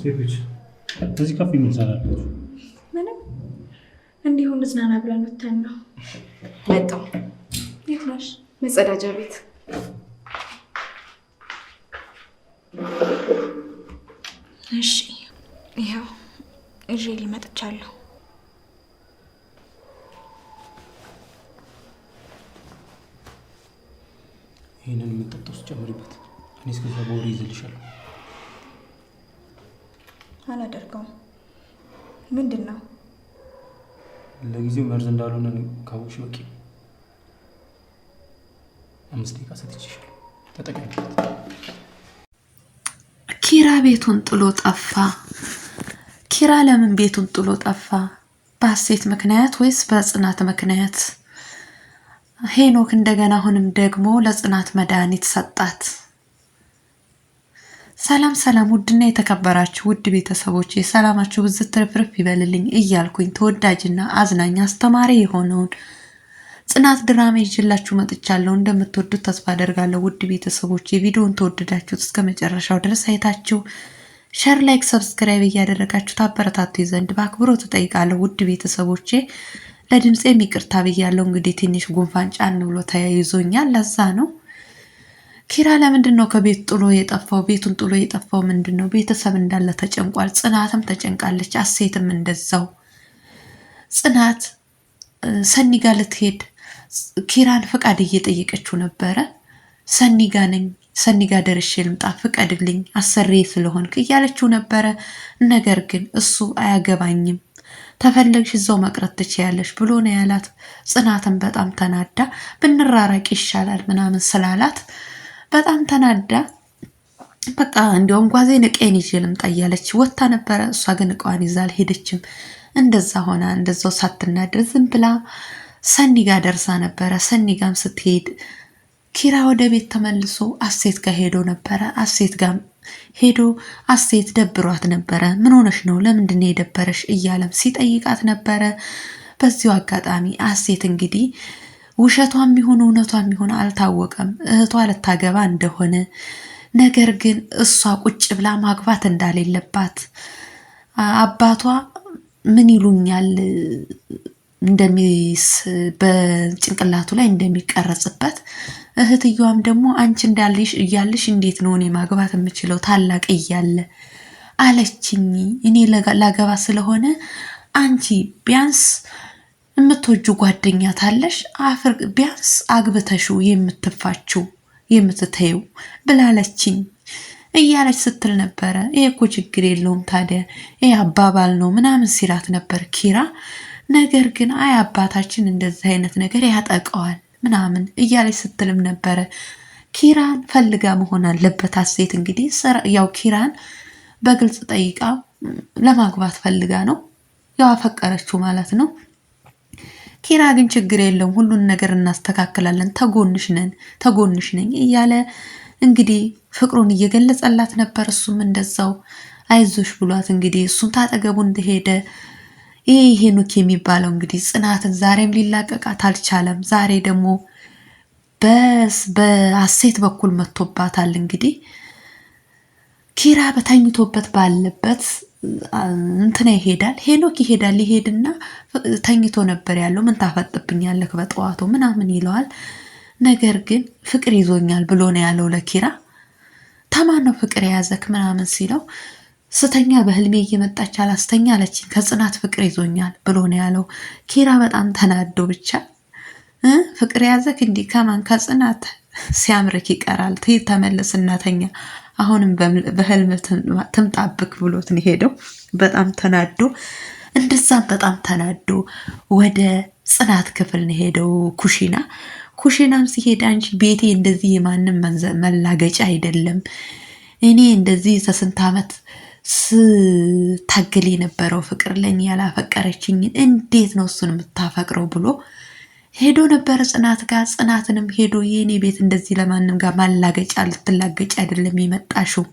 ሴቶች እዚህ ካፌ ምን ትሰራላችሁ? ምንም እንዲሁ እንዝናና ብለን ወተን ነው። መጣሁ። የት ነሽ? መጸዳጃ ቤት። እሺ፣ ይኸው እዤ ሊመጥቻለሁ። ይህንን የምጠጣው ስጨምሪበት? እኔ እስከዛ በወሬ ይዝልሻለሁ። አላደርገውም። ምንድን ነው? ለጊዜው መርዝ እንዳልሆነ ካወቅሽ በቂ። አምስት ደቂቃ ሰጥቼሻለሁ፣ ተጠቀሚበት። ኪራ ቤቱን ጥሎ ጠፋ። ኪራ ለምን ቤቱን ጥሎ ጠፋ? በሀሴት ምክንያት ወይስ በጽናት ምክንያት? ሄኖክ እንደገና አሁንም ደግሞ ለጽናት መድኃኒት ሰጣት። ሰላም ሰላም ውድና የተከበራችሁ ውድ ቤተሰቦች የሰላማችሁ ብዝት ትርፍርፍ ይበልልኝ እያልኩኝ ተወዳጅና አዝናኝ አስተማሪ የሆነውን ጽናት ድራማ ይዤላችሁ መጥቻለሁ። እንደምትወዱት ተስፋ አደርጋለሁ። ውድ ቤተሰቦች የቪዲዮን ተወደዳችሁት እስከ መጨረሻው ድረስ አይታችሁ ሸር፣ ላይክ፣ ሰብስክራይብ እያደረጋችሁ ታበረታቱ ዘንድ በአክብሮ ትጠይቃለሁ። ውድ ቤተሰቦቼ ለድምፄ ይቅርታ ብያለሁ። እንግዲህ ትንሽ ጉንፋን ጫን ብሎ ተያይዞኛል። ለዛ ነው ኪራ ለምንድን ነው ከቤት ጥሎ የጠፋው? ቤቱን ጥሎ የጠፋው ምንድን ነው? ቤተሰብ እንዳለ ተጨንቋል። ጽናትም ተጨንቃለች። አሴትም እንደዛው። ጽናት ሰኒ ጋ ልትሄድ ኪራን ፍቃድ እየጠየቀችው ነበረ። ሰኒ ጋ ነኝ፣ ሰኒ ጋ ደርሼ ልምጣ፣ ፍቀድልኝ፣ አሰሬ ስለሆንክ እያለችው ነበረ። ነገር ግን እሱ አያገባኝም ተፈለግሽ እዛው መቅረት ትችያለሽ ብሎ ነው ያላት። ጽናትን በጣም ተናዳ ብንራራቅ ይሻላል ምናምን ስላላት በጣም ተናዳ በቃ እንዲያውም ጓዜ ንቄን ይዤ ልምጣ እያለች ወታ ነበረ። እሷ ግን እቃዋን ይዛ አልሄደችም። እንደዛ ሆና እንደዛው ሳትናደር ዝም ብላ ሰኒ ጋ ደርሳ ነበረ። ሰኒ ጋም ስትሄድ ኪራ ወደ ቤት ተመልሶ አሴት ጋር ሄዶ ነበረ። አሴት ጋም ሄዶ አሴት ደብሯት ነበረ። ምን ሆነሽ ነው? ለምንድን የደበረሽ? እያለም ሲጠይቃት ነበረ። በዚሁ አጋጣሚ አሴት እንግዲህ ውሸቷም ይሁን እውነቷም ይሁን አልታወቀም። እህቷ ልታገባ እንደሆነ ነገር ግን እሷ ቁጭ ብላ ማግባት እንዳሌለባት አባቷ ምን ይሉኛል እንደሚስ በጭንቅላቱ ላይ እንደሚቀረጽበት እህትየዋም ደግሞ አንቺ እንዳለሽ እያለሽ እንዴት ነው እኔ ማግባት የምችለው ታላቅ እያለ አለችኝ። እኔ ላገባ ስለሆነ አንቺ ቢያንስ የምትወጁ ጓደኛ ታለሽ አፍር ቢያንስ አግብተሽው የምትፋችው የምትተይው ብላለችኝ እያለች ስትል ነበረ። ይሄ እኮ ችግር የለውም ታዲያ ይህ አባባል ነው ምናምን ሲላት ነበር ኪራ። ነገር ግን አይ አባታችን እንደዚህ አይነት ነገር ያጠቀዋል ምናምን እያለች ስትልም ነበረ። ኪራን ፈልጋ መሆን አለበት ሀሴት። እንግዲህ ያው ኪራን በግልጽ ጠይቃ ለማግባት ፈልጋ ነው ያው አፈቀረችው ማለት ነው። ኬራ ግን ችግር የለውም ሁሉን ነገር እናስተካክላለን፣ ተጎንሽ ነን ተጎንሽ ነኝ እያለ እንግዲህ ፍቅሩን እየገለጸላት ነበር። እሱም እንደዛው አይዞሽ ብሏት እንግዲህ እሱም ታጠገቡ እንደሄደ ይሄ ሄኖክ የሚባለው እንግዲህ ጽናትን ዛሬም ሊላቀቃት አልቻለም። ዛሬ ደግሞ በአሴት በኩል መጥቶባታል እንግዲህ ኪራ በተኝቶበት ባለበት እንትና ይሄዳል ሄኖክ ይሄዳል። ይሄድና ተኝቶ ነበር ያለው ምን ታፈጥብኛለህ በጠዋቱ ምናምን ይለዋል። ነገር ግን ፍቅር ይዞኛል ብሎ ነው ያለው ለኪራ። ተማን ነው ፍቅር የያዘክ ምናምን ሲለው ስተኛ በህልሜ እየመጣች አላስተኛ አለችኝ ከጽናት ፍቅር ይዞኛል ብሎ ነው ያለው። ኪራ በጣም ተናዶ ብቻ ፍቅር የያዘክ እንዲህ ከማን ከጽናት ሲያምርክ ይቀራል ትይ ተመለስ እናተኛ አሁንም በህልም ትምጣብክ ብሎት ነው ሄደው። በጣም ተናዶ እንደዛም በጣም ተናዶ ወደ ጽናት ክፍል ነው ሄደው ኩሽና ኩሽናም ሲሄድ አንቺ ቤቴ እንደዚህ የማንም መላገጫ አይደለም። እኔ እንደዚህ ከስንት ዓመት ስታግል የነበረው ፍቅር ለእኔ ያላፈቀረችኝን እንዴት ነው እሱን የምታፈቅረው ብሎ ሄዶ ነበረ ጽናት ጋር። ጽናትንም ሄዶ የእኔ ቤት እንደዚህ ለማንም ጋር ማላገጫ ልትላገጭ አይደለም የመጣሽው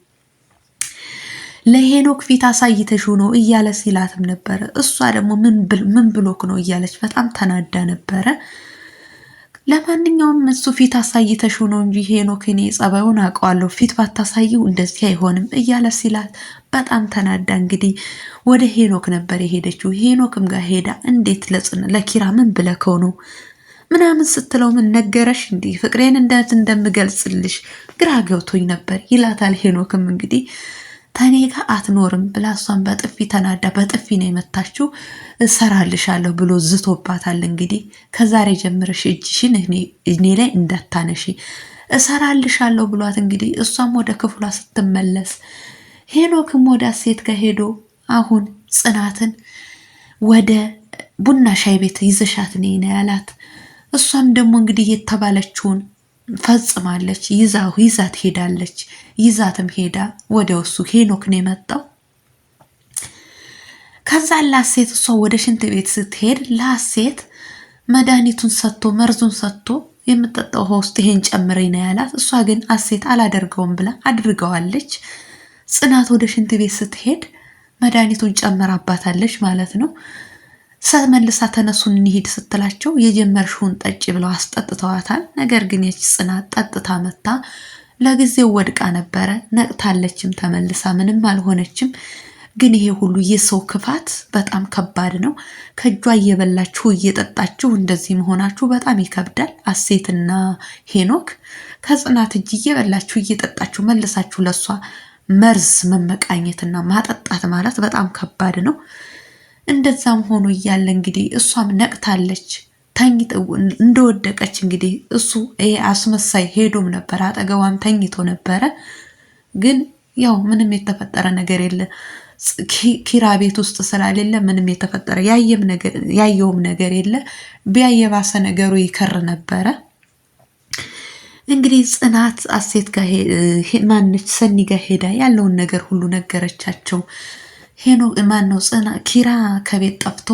ለሄኖክ ፊት አሳይተሽው ነው እያለ ሲላትም ነበረ። እሷ ደግሞ ምን ብሎክ ነው እያለች በጣም ተናዳ ነበረ። ለማንኛውም እሱ ፊት አሳይተሽው ነው እንጂ ሄኖክ እኔ ጸባዩን አውቀዋለሁ፣ ፊት ባታሳይው እንደዚህ አይሆንም እያለ ሲላት በጣም ተናዳ እንግዲህ ወደ ሄኖክ ነበር የሄደችው። ሄኖክም ጋር ሄዳ እንዴት ለኪራ ምን ብለከው ነው ምናምን ስትለው ምን ነገረሽ እንዲህ ፍቅሬን እንደት እንደምገልጽልሽ ግራ ገብቶኝ ነበር ይላታል። ሄኖክም እንግዲህ ተኔ ጋር አትኖርም ብላ እሷን በጥፊ ተናዳ በጥፊ ነው የመታችው። እሰራልሻለሁ ብሎ ዝቶባታል። እንግዲህ ከዛሬ ጀምረሽ እጅሽን እኔ ላይ እንዳታነሺ እሰራልሻለሁ ብሏት እንግዲህ እሷም ወደ ክፍሏ ስትመለስ ሄኖክም ወደ አሴት ከሄዶ አሁን ጽናትን ወደ ቡና ሻይ ቤት ይዘሻት ነይ ነው ያላት። እሷም ደግሞ እንግዲህ የተባለችውን ፈጽማለች። ይዛ ይዛት ሄዳለች። ይዛትም ሄዳ ወደ እሱ ሄኖክ ነው የመጣው። ከዛ ላሴት እሷ ወደ ሽንት ቤት ስትሄድ ላሴት መድኃኒቱን ሰጥቶ መርዙን ሰጥቶ የምጠጣው ውሃ ውስጥ ይሄን ጨምረኝ ነው ያላት። እሷ ግን አሴት አላደርገውም ብላ አድርገዋለች። ጽናት ወደ ሽንት ቤት ስትሄድ መድኃኒቱን ጨምራባታለች ማለት ነው። መልሳ ተነሱን እንሂድ ስትላቸው የጀመርሽውን ጠጪ ብለው አስጠጥተዋታል። ነገር ግን የች ጽናት ጠጥታ መታ ለጊዜው ወድቃ ነበረ። ነቅታለችም ተመልሳ ምንም አልሆነችም። ግን ይሄ ሁሉ የሰው ክፋት በጣም ከባድ ነው። ከእጇ እየበላችሁ እየጠጣችሁ እንደዚህ መሆናችሁ በጣም ይከብዳል። አሴትና ሄኖክ ከጽናት እጅ እየበላችሁ እየጠጣችሁ መልሳችሁ ለሷ መርዝ መመቃኘትና ማጠጣት ማለት በጣም ከባድ ነው። እንደዛም ሆኖ እያለ እንግዲህ እሷም ነቅታለች ተኝት እንደወደቀች እንግዲህ እሱ ይሄ አስመሳይ ሄዶም ነበር፣ አጠገቧም ተኝቶ ነበረ። ግን ያው ምንም የተፈጠረ ነገር የለ ኪራ ቤት ውስጥ ስላሌለ ምንም የተፈጠረ ያየውም ነገር የለ። ቢያየባሰ ነገሩ ይከር ነበረ። እንግዲህ ጽናት አሴት ጋር ማነች ሰኒ ጋር ሄዳ ያለውን ነገር ሁሉ ነገረቻቸው። ሄኖ ማን ነው ጽና ኪራ ከቤት ጠፍቶ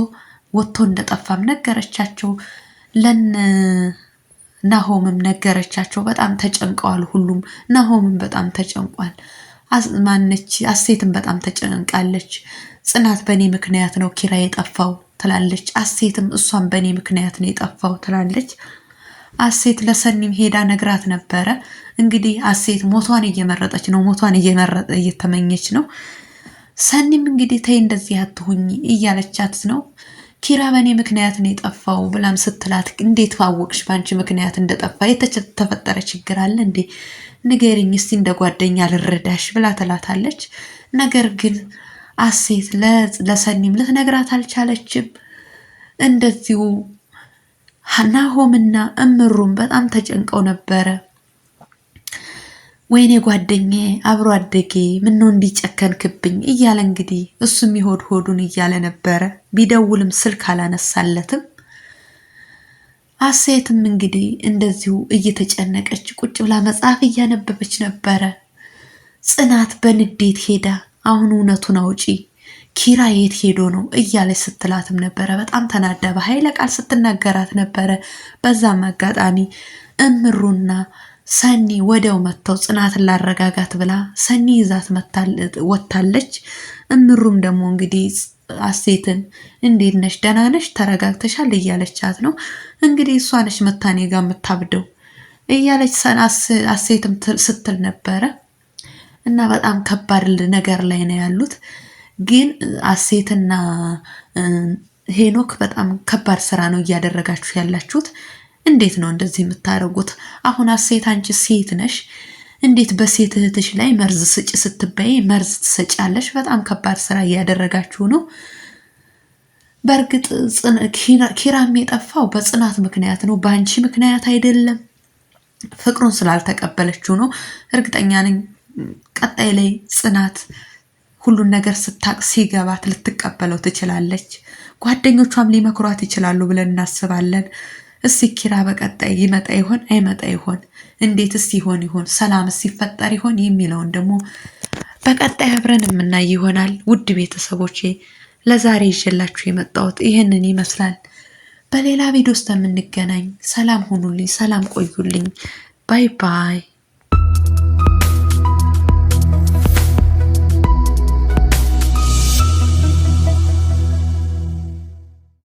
ወጥቶ እንደጠፋም ነገረቻቸው። ለን ናሆምም ነገረቻቸው። በጣም ተጨንቀዋል። ሁሉም ናሆምም በጣም ተጨንቋል። ማነች አሴትም በጣም ተጨንቃለች። ጽናት በእኔ ምክንያት ነው ኪራ የጠፋው ትላለች። አሴትም እሷም በእኔ ምክንያት ነው የጠፋው ትላለች። አሴት ለሰኒም ሄዳ ነግራት ነበረ። እንግዲህ አሴት ሞቷን እየመረጠች ነው፣ ሞቷን እየተመኘች ነው። ሰኒም እንግዲህ ተይ እንደዚህ አትሁኝ እያለቻት ነው። ኪራ በእኔ ምክንያት ነው የጠፋው ብላም ስትላት፣ እንዴት ባወቅሽ? በአንቺ ምክንያት እንደጠፋ የተፈጠረ ችግር አለ እንዴ? ንገሪኝ እስቲ እንደ ጓደኛ ልረዳሽ ብላ ትላታለች። ነገር ግን አሴት ለሰኒም ልትነግራት አልቻለችም። እንደዚሁ ናሆምና እምሩም በጣም ተጨንቀው ነበረ። ወይኔ ጓደኛዬ አብሮ አደጌ ምነው እንዲጨከንክብኝ እያለ እንግዲህ እሱም ይሆድ ሆዱን እያለ ነበረ። ቢደውልም ስልክ አላነሳለትም። አሴትም እንግዲህ እንደዚሁ እየተጨነቀች ቁጭ ብላ መጽሐፍ እያነበበች ነበረ። ጽናት በንዴት ሄዳ አሁን እውነቱን አውጪ ኪራ የት ሄዶ ነው እያለች ስትላትም ነበረ። በጣም ተናዳ በኃይለ ቃል ስትናገራት ነበረ። በዛም አጋጣሚ እምሩና ሰኒ ወደው መጥተው ጽናትን ላረጋጋት ብላ ሰኒ ይዛት ወታለች። እምሩም ደግሞ እንግዲህ አሴትን እንዴት ነሽ? ደህና ነሽ? ተረጋግተሻል? እያለቻት ነው እንግዲህ እሷ ነች መታኔ ጋር የምታብደው እያለች አሴትም ስትል ነበረ እና በጣም ከባድ ነገር ላይ ነው ያሉት። ግን አሴትና ሄኖክ በጣም ከባድ ስራ ነው እያደረጋችሁ ያላችሁት። እንዴት ነው እንደዚህ የምታደርጉት? አሁን አሴት አንቺ ሴት ነሽ፣ እንዴት በሴት እህትሽ ላይ መርዝ ስጭ ስትበይ መርዝ ትሰጫለሽ? በጣም ከባድ ስራ እያደረጋችሁ ነው። በእርግጥ ኪራም የጠፋው በጽናት ምክንያት ነው፣ በአንቺ ምክንያት አይደለም። ፍቅሩን ስላልተቀበለችው ነው። እርግጠኛ ነኝ ቀጣይ ላይ ጽናት ሁሉን ነገር ስታቅ ሲገባት ልትቀበለው ትችላለች። ጓደኞቿም ሊመክሯት ይችላሉ ብለን እናስባለን። እስቲ ኪራ በቀጣይ ይመጣ ይሆን አይመጣ ይሆን እንዴትስ ይሆን ይሆን ሰላምስ ይፈጠር ይሆን የሚለውን ደግሞ በቀጣይ አብረን የምናይ ይሆናል። ውድ ቤተሰቦቼ ለዛሬ ይዤላችሁ የመጣሁት ይህንን ይመስላል። በሌላ ቪዲዮ ውስጥ የምንገናኝ። ሰላም ሁኑልኝ፣ ሰላም ቆዩልኝ። ባይ ባይ።